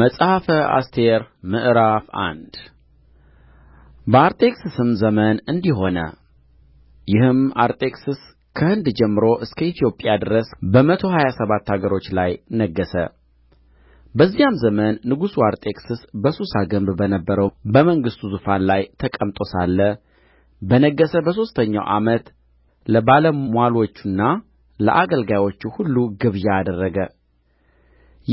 መጽሐፈ አስቴር ምዕራፍ አንድ በአርጤክስስም ዘመን እንዲህ ሆነ። ይህም አርጤክስስ ከህንድ ጀምሮ እስከ ኢትዮጵያ ድረስ በመቶ ሀያ ሰባት አገሮች ላይ ነገሠ። በዚያም ዘመን ንጉሡ አርጤክስስ በሱሳ ግንብ በነበረው በመንግሥቱ ዙፋን ላይ ተቀምጦ ሳለ በነገሠ በሦስተኛው ዓመት ለባለሟሎቹና ለአገልጋዮቹ ሁሉ ግብዣ አደረገ።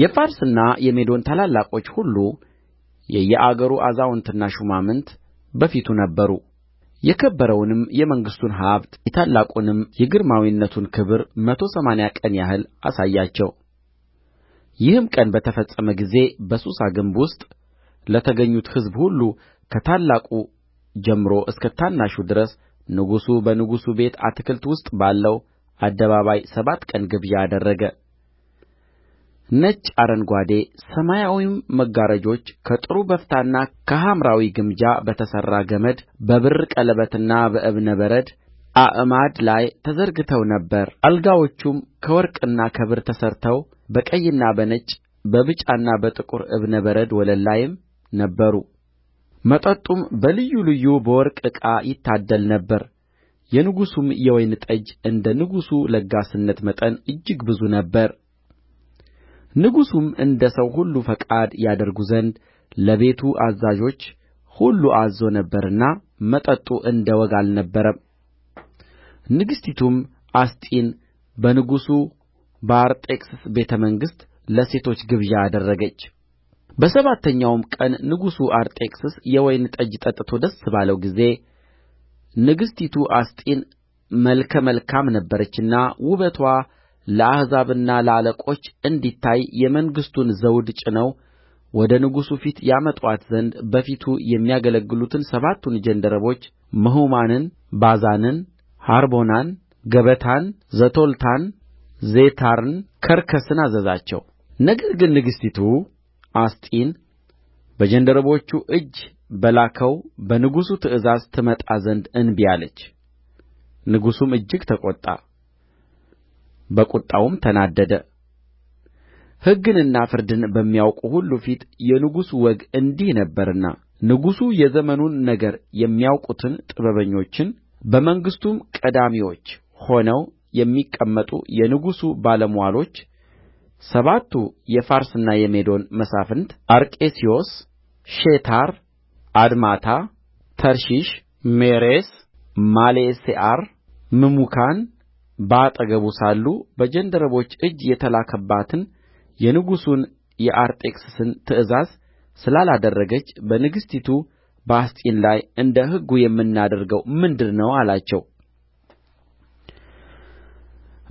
የፋርስና የሜዶን ታላላቆች ሁሉ የየአገሩ አዛውንትና ሹማምት በፊቱ ነበሩ የከበረውንም የመንግሥቱን ሀብት የታላቁንም የግርማዊነቱን ክብር መቶ ሰማንያ ቀን ያህል አሳያቸው ይህም ቀን በተፈጸመ ጊዜ በሱሳ ግንብ ውስጥ ለተገኙት ሕዝብ ሁሉ ከታላቁ ጀምሮ እስከ ታናሹ ድረስ ንጉሡ በንጉሡ ቤት አትክልት ውስጥ ባለው አደባባይ ሰባት ቀን ግብዣ አደረገ ነጭ አረንጓዴ ሰማያዊም መጋረጆች ከጥሩ በፍታና ከሐምራዊ ግምጃ በተሠራ ገመድ በብር ቀለበትና በዕብነ በረድ አዕማድ ላይ ተዘርግተው ነበር አልጋዎቹም ከወርቅና ከብር ተሠርተው በቀይና በነጭ በብጫና በጥቁር ዕብነ በረድ ወለል ላይም ነበሩ መጠጡም በልዩ ልዩ በወርቅ ዕቃ ይታደል ነበር የንጉሡም የወይን ጠጅ እንደ ንጉሡ ለጋስነት መጠን እጅግ ብዙ ነበረ ንጉሡም እንደ ሰው ሁሉ ፈቃድ ያደርጉ ዘንድ ለቤቱ አዛዦች ሁሉ አዝዞ ነበርና መጠጡ እንደ ወግ አልነበረም ንግሥቲቱም አስጢን በንጉሡ በአርጤክስስ ቤተ መንግሥት ለሴቶች ግብዣ አደረገች በሰባተኛውም ቀን ንጉሡ አርጤክስስ የወይን ጠጅ ጠጥቶ ደስ ባለው ጊዜ ንግሥቲቱ አስጢን መልከ መልካም ነበረችና ውበትዋ ለአሕዛብና ለአለቆች እንዲታይ የመንግሥቱን ዘውድ ጭነው ወደ ንጉሡ ፊት ያመጡአት ዘንድ በፊቱ የሚያገለግሉትን ሰባቱን ጃንደረቦች ምሁማንን ባዛንን ሐርቦናን ገበታን ዘቶልታን ዜታርን ከርከስን አዘዛቸው ነገር ግን ንግሥቲቱ አስጢን በጃንደረቦቹ እጅ በላከው በንጉሡ ትእዛዝ ትመጣ ዘንድ እንቢ አለች ንጉሡም እጅግ ተቈጣ በቍጣውም ተናደደ ሕግንና ፍርድን በሚያውቁ ሁሉ ፊት የንጉሡ ወግ እንዲህ ነበረና ንጉሡ የዘመኑን ነገር የሚያውቁትን ጥበበኞችን በመንግሥቱም ቀዳሚዎች ሆነው የሚቀመጡ የንጉሡ ባለምዋሎች ሰባቱ የፋርስና የሜዶን መሳፍንት አርቄስዮስ፣ ሼታር፣ አድማታ፣ ተርሺሽ፣ ሜሬስ፣ ማሌሴዓር፣ ምሙካን በአጠገቡ ሳሉ በጃንደረቦች እጅ የተላከባትን የንጉሡን የአርጤክስስን ትእዛዝ ስላላደረገች በንግሥቲቱ በአስጢን ላይ እንደ ሕጉ የምናደርገው ምንድር ነው አላቸው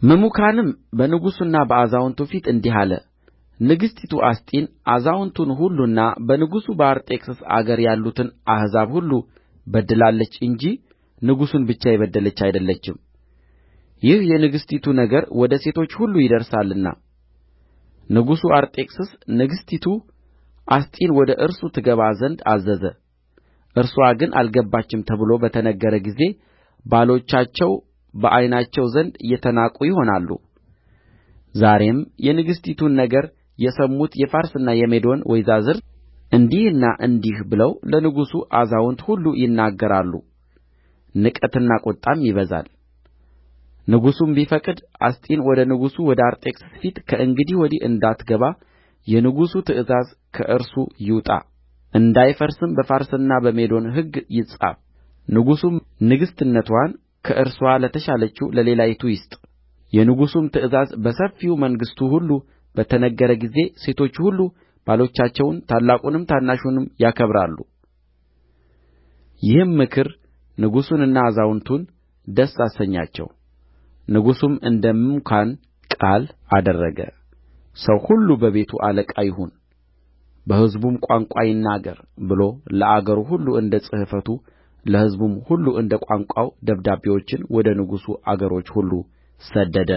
ምሙካንም በንጉሡና በአዛውንቱ ፊት እንዲህ አለ ንግሥቲቱ አስጢን አዛውንቱን ሁሉና በንጉሡ በአርጤክስስ አገር ያሉትን አሕዛብ ሁሉ በድላለች እንጂ ንጉሡን ብቻ የበደለች አይደለችም ይህ የንግሥቲቱ ነገር ወደ ሴቶች ሁሉ ይደርሳልና ንጉሡ አርጤክስስ ንግሥቲቱ አስጢን ወደ እርሱ ትገባ ዘንድ አዘዘ እርስዋ ግን አልገባችም ተብሎ በተነገረ ጊዜ ባሎቻቸው በዓይናቸው ዘንድ የተናቁ ይሆናሉ። ዛሬም የንግሥቲቱን ነገር የሰሙት የፋርስና የሜዶን ወይዛዝር እንዲህና እንዲህ ብለው ለንጉሡ አዛውንት ሁሉ ይናገራሉ። ንቀትና ቍጣም ይበዛል። ንጉሡም ቢፈቅድ አስጢን ወደ ንጉሡ ወደ አርጤክስስ ፊት ከእንግዲህ ወዲህ እንዳትገባ የንጉሡ ትእዛዝ ከእርሱ ይውጣ እንዳይፈርስም በፋርስና በሜዶን ሕግ ይጻፍ ንጉሡም ንግሥትነትዋን ከእርስዋ ለተሻለችው ለሌላይቱ ይስጥ የንጉሡም ትእዛዝ በሰፊው መንግሥቱ ሁሉ በተነገረ ጊዜ ሴቶቹ ሁሉ ባሎቻቸውን ታላቁንም ታናሹንም ያከብራሉ። ይህም ምክር ንጉሡንና አዛውንቱን ደስ አሰኛቸው። ንጉሡም እንደ ምሙካን ቃል አደረገ ሰው ሁሉ በቤቱ አለቃ ይሁን በሕዝቡም ቋንቋ ይናገር ብሎ ለአገሩ ሁሉ እንደ ጽሕፈቱ ለሕዝቡም ሁሉ እንደ ቋንቋው ደብዳቤዎችን ወደ ንጉሡ አገሮች ሁሉ ሰደደ